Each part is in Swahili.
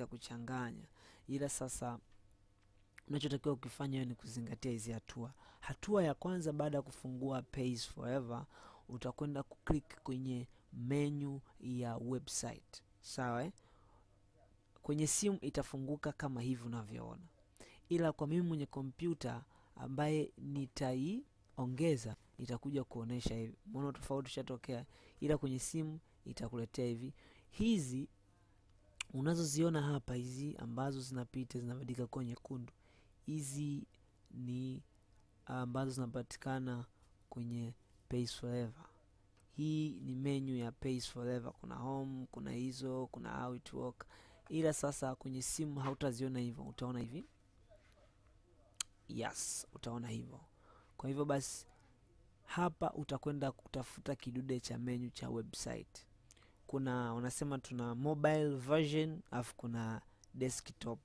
katika kuchanganya, ila sasa unachotakiwa ukifanya ni kuzingatia hizi hatua. Hatua ya kwanza baada ya kufungua Pays Forever, utakwenda kuklik kwenye menu ya website, sawa eh? Kwenye simu itafunguka kama hivi unavyoona, ila kwa mimi mwenye kompyuta ambaye nitaiongeza itakuja kuonesha hivi. Mbona tofauti ushatokea ila kwenye simu itakuletea hivi hizi unazoziona hapa hizi ambazo zinapita zinabadilika kuwa nyekundu, hizi ni ambazo zinapatikana kwenye pace Forever. Hii ni menu ya pace Forever, kuna home, kuna hizo, kuna how it work, ila sasa kwenye simu hautaziona hivyo, utaona hivi. Yes, utaona hivyo. Kwa hivyo basi, hapa utakwenda kutafuta kidude cha menu cha website kuna wanasema tuna mobile version alafu kuna desktop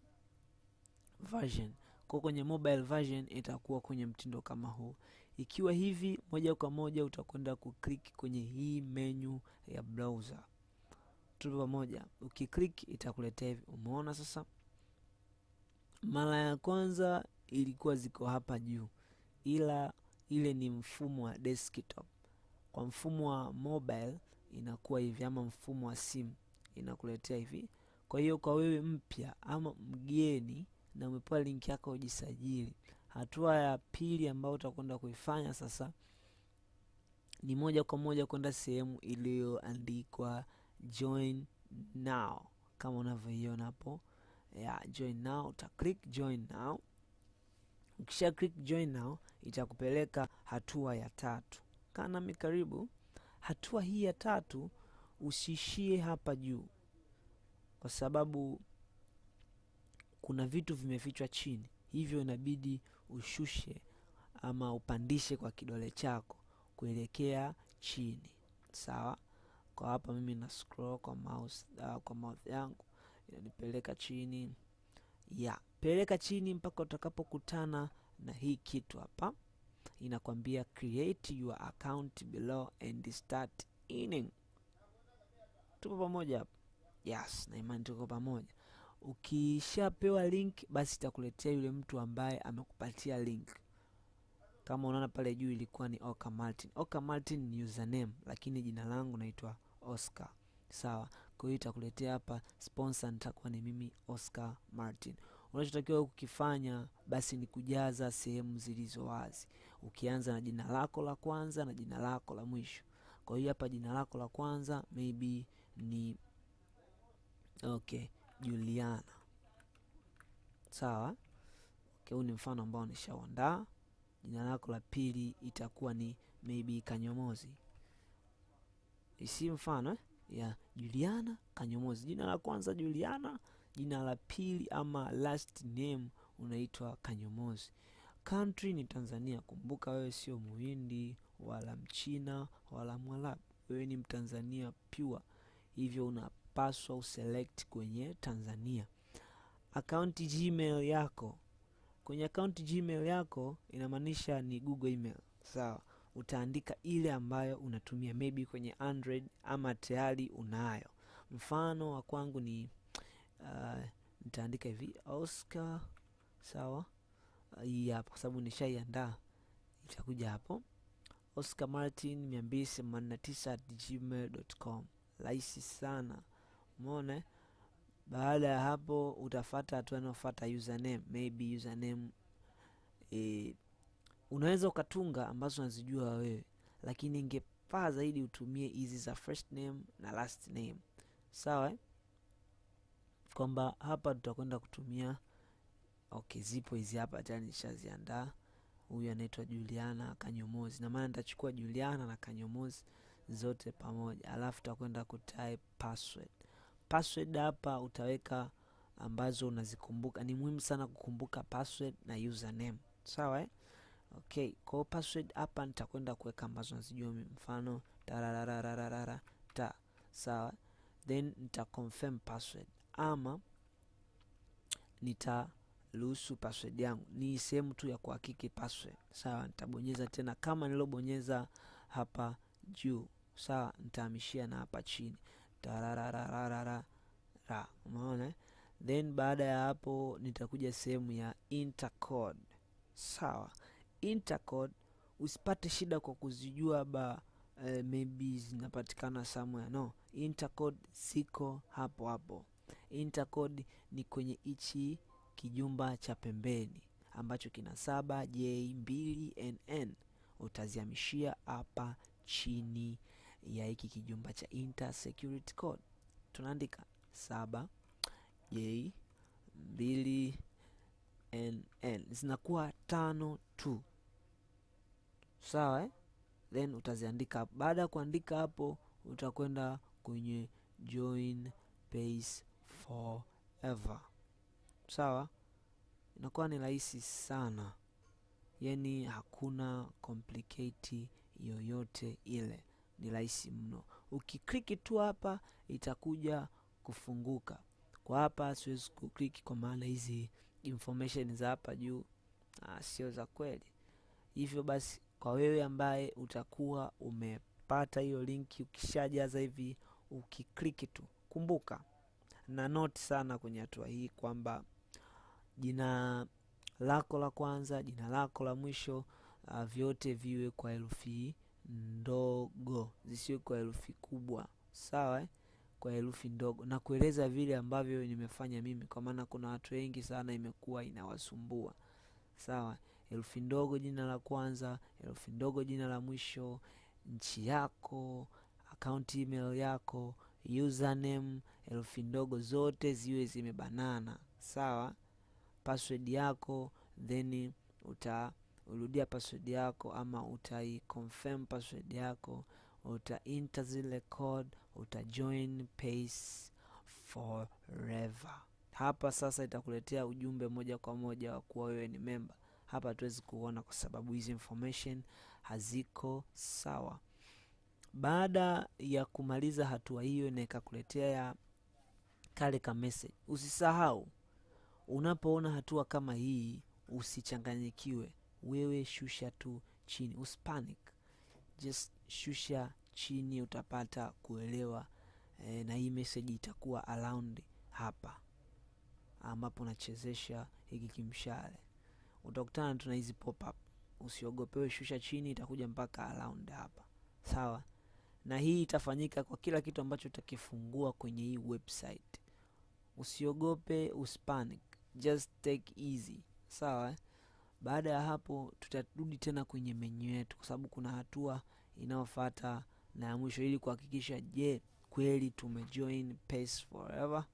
version. Kwa kwenye mobile version itakuwa kwenye mtindo kama huu. Ikiwa hivi, moja kwa moja utakwenda kuklik kwenye hii menu ya browser. Tupo pamoja, ukiklik itakuletea hivi. Umeona sasa, mara ya kwanza ilikuwa ziko hapa juu, ila ile ni mfumo wa desktop. Kwa mfumo wa mobile inakuwa hivi, ama mfumo wa simu inakuletea hivi. Kwa hiyo kwa wewe mpya ama mgeni na umepewa linki yako ujisajili, hatua ya pili ambayo utakwenda kuifanya sasa ni moja kwa moja kwenda sehemu iliyoandikwa join now kama unavyoiona hapo yeah, join now uta click join now. Ukisha click join now itakupeleka hatua ya tatu. Kaa nami karibu hatua hii ya tatu usiishie hapa juu, kwa sababu kuna vitu vimefichwa chini, hivyo inabidi ushushe ama upandishe kwa kidole chako kuelekea chini. Sawa, kwa hapa mimi na scroll kwa mouse, uh, kwa mouth yangu inanipeleka chini ya yeah. Peleka chini mpaka utakapokutana na hii kitu hapa inakwambia create your account below and start earning. Tuko pamoja hapo? Yes, na imani tuko pamoja. Ukishapewa link, basi itakuletea yule mtu ambaye amekupatia link. Kama unaona pale juu ilikuwa ni Oka Martin. Oka Martin ni username, lakini jina langu naitwa Oscar, sawa? Kwa hiyo itakuletea hapa sponsor, nitakuwa ni mimi Oscar Martin unachotakiwa kukifanya basi ni kujaza sehemu zilizo wazi, ukianza na jina lako la kwanza na jina lako la mwisho. Kwa hiyo hapa jina lako la kwanza maybe ni okay, Juliana, sawa. Okay, huu ni mfano ambao nishauandaa. Jina lako la pili itakuwa ni maybe Kanyomozi, isi mfano eh, ya Juliana Kanyomozi. Jina la kwanza Juliana Jina la pili ama last name unaitwa Kanyomozi. Country ni Tanzania. Kumbuka wewe sio Muhindi wala Mchina wala Mwarabu, wewe ni Mtanzania pure, hivyo unapaswa uselect kwenye Tanzania. Akaunti Gmail yako, kwenye akaunti Gmail yako inamaanisha ni Google email, sawa? Utaandika ile ambayo unatumia maybe kwenye Android ama tayari unayo. Mfano wa kwangu ni nitaandika hivi Oscar sawa. Uh, kwa sababu nishaiandaa itakuja hapo Oscar Martin mia mbili na tisa at gmail.com. Rahisi sana, umeona. Baada ya hapo utafata hatua inayofuata username, maybe username e, unaweza ukatunga ambazo unazijua wewe, lakini ingepaa zaidi utumie hizi za first name na last name, sawa eh? kwamba hapa tutakwenda kutumia okay, zipo hizi hapa tayari nishaziandaa. Huyu anaitwa Juliana Kanyomozi, na maana nitachukua Juliana na Kanyomozi zote pamoja, alafu tutakwenda kutype password. Password hapa utaweka ambazo unazikumbuka. Ni muhimu sana kukumbuka password na username, sawa eh? Okay, kwa password hapa nitakwenda kuweka ambazo nazijua mimi, mfano ta sawa, eh? then nita confirm password ama nitaruhusu password yangu. Ni sehemu tu ya kuhakiki password. Sawa, nitabonyeza tena kama nilobonyeza hapa juu. Sawa, nitahamishia na hapa chini tarararararara Umeona? Eh? Then baada ya hapo nitakuja sehemu ya intercode. Sawa, intercode usipate shida kwa kuzijua ba eh, maybe zinapatikana somewhere no, intercode ziko hapo hapo. Intercode ni kwenye hichi kijumba cha pembeni ambacho kina saba j 2 nn utaziamishia hapa chini ya hiki kijumba cha inter security code. Tunaandika 7J2NN zinakuwa tano tu, sawa eh? Then utaziandika. Baada ya kuandika hapo, utakwenda kwenye join pace forever. Sawa, inakuwa ni rahisi sana, yani hakuna complicate yoyote ile, ni rahisi mno. Ukikliki tu hapa itakuja kufunguka. Kwa hapa siwezi kukliki kwa maana hizi information za hapa juu ah, sio za kweli. Hivyo basi, kwa wewe ambaye utakuwa umepata hiyo linki, ukishajaza hivi, ukikliki tu, kumbuka na noti sana kwenye hatua hii kwamba jina lako la kwanza, jina lako la mwisho uh, vyote viwe kwa herufi ndogo, zisiwe kwa herufi kubwa, sawa eh? Kwa herufi ndogo na kueleza vile ambavyo nimefanya mimi, kwa maana kuna watu wengi sana imekuwa inawasumbua. Sawa, herufi ndogo jina la kwanza, herufi ndogo jina la mwisho, nchi yako, akaunti email yako, username herufi ndogo zote ziwe zimebanana, sawa. Password yako then utarudia password yako, ama utai confirm password yako, uta enter zile code, uta join pace forever. Hapa sasa itakuletea ujumbe moja kwa moja wa kuwa wewe ni memba. Hapa hatuwezi kuona kwa sababu hizi information haziko sawa. Baada ya kumaliza hatua hiyo, na ikakuletea kale ka message. Usisahau, unapoona hatua kama hii usichanganyikiwe, wewe shusha tu chini, uspanic, just shusha chini, utapata kuelewa e, na hii message itakuwa around hapa ambapo nachezesha hiki kimshale, utakutana tuna hizi pop up. Usiogopewe, shusha chini, itakuja mpaka around hapa, sawa? Na hii itafanyika kwa kila kitu ambacho utakifungua kwenye hii website usiogope uspanic just take easy sawa eh? baada ya hapo tutarudi tena kwenye menyu yetu kwa sababu kuna hatua inayofata na ya mwisho ili kuhakikisha je kweli tumejoin Pace Forever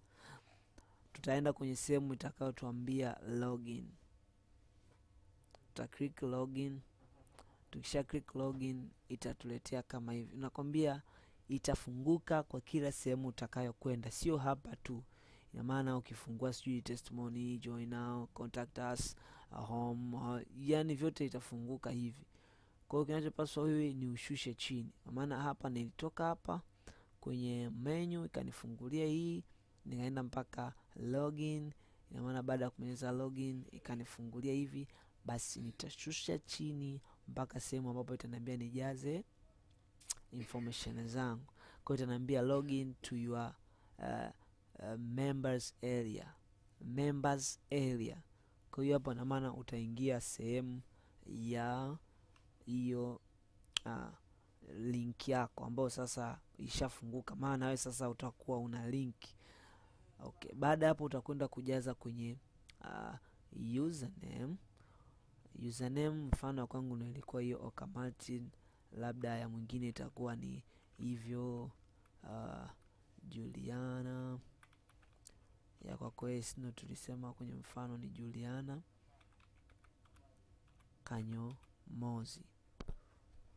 tutaenda kwenye sehemu itakayotuambia login tuta login tukisha click login itatuletea kama hivi nakwambia itafunguka kwa kila sehemu utakayokwenda sio hapa tu Ina maana ukifungua sijui testimony, join now, contact us, uh, home, uh, yani vyote itafunguka hivi. Kwa hiyo kinachopaswa wewe ni ushushe chini, maana hapa nilitoka hapa kwenye menu ikanifungulia hii, nikaenda mpaka login. Ina maana baada ya kubonyeza login ikanifungulia hivi, basi nitashusha chini mpaka sehemu ambapo itaniambia nijaze information zangu. Kwa hiyo itaniambia login to your uh, Uh, members area, members area. Kwa hiyo hapa na maana utaingia sehemu ya hiyo uh, link yako ambayo sasa ishafunguka, maana wewe sasa utakuwa una link okay. Baada hapo utakwenda kujaza kwenye uh, username username. Mfano kwangu nilikuwa hiyo Oka Martin, labda ya mwingine itakuwa ni hivyo uh, Juliana ya kwako yeye Sino tulisema kwenye mfano ni Juliana Kanyomozi.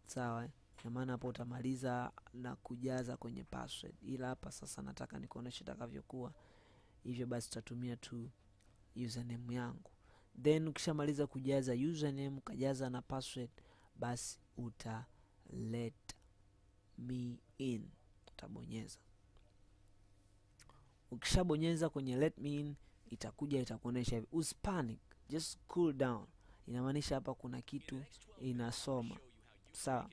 Sawa, Na maana hapo utamaliza na kujaza kwenye password, ila hapa sasa nataka nikuoneshe itakavyokuwa. Hivyo basi tutatumia tu username yangu, then ukishamaliza kujaza username ukajaza na password, basi uta let me in utabonyeza Ukishabonyeza kwenye let me in, itakuja itakuonesha hivi, uspanic just cool down, inamaanisha hapa kuna kitu inasoma. Sawa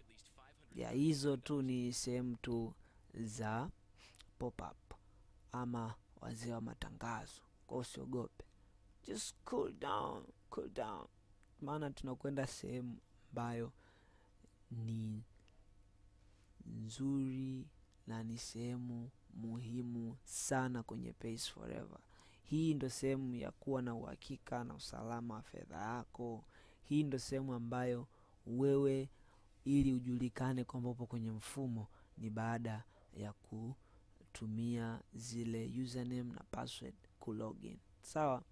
ya hizo tu ni sehemu tu za pop up ama wazee wa matangazo, kwa usiogope, just cool down, cool down, maana tunakwenda sehemu ambayo ni nzuri na ni sehemu muhimu sana kwenye Pace Forever. Hii ndo sehemu ya kuwa na uhakika na usalama wa fedha yako. Hii ndo sehemu ambayo wewe, ili ujulikane kwamba upo kwenye mfumo, ni baada ya kutumia zile username na password kulogin. Sawa,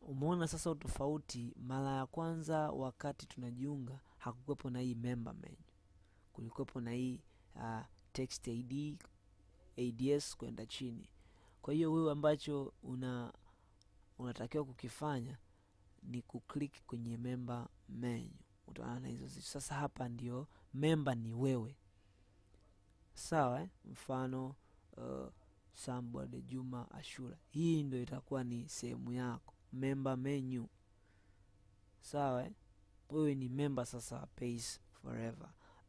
umeona sasa utofauti. Mara ya kwanza wakati tunajiunga hakukwepo na hii member menu, kulikwepo na hii uh, text ID ADS kwenda chini. Kwa hiyo wewe ambacho una unatakiwa kukifanya ni kuklik kwenye member menu, utaona na hizo zitu. Sasa hapa ndio member ni wewe, sawa eh? Mfano uh, Sambode Juma Ashura, hii ndio itakuwa ni sehemu yako member menu, sawa Wewe ni member sasa, pays forever.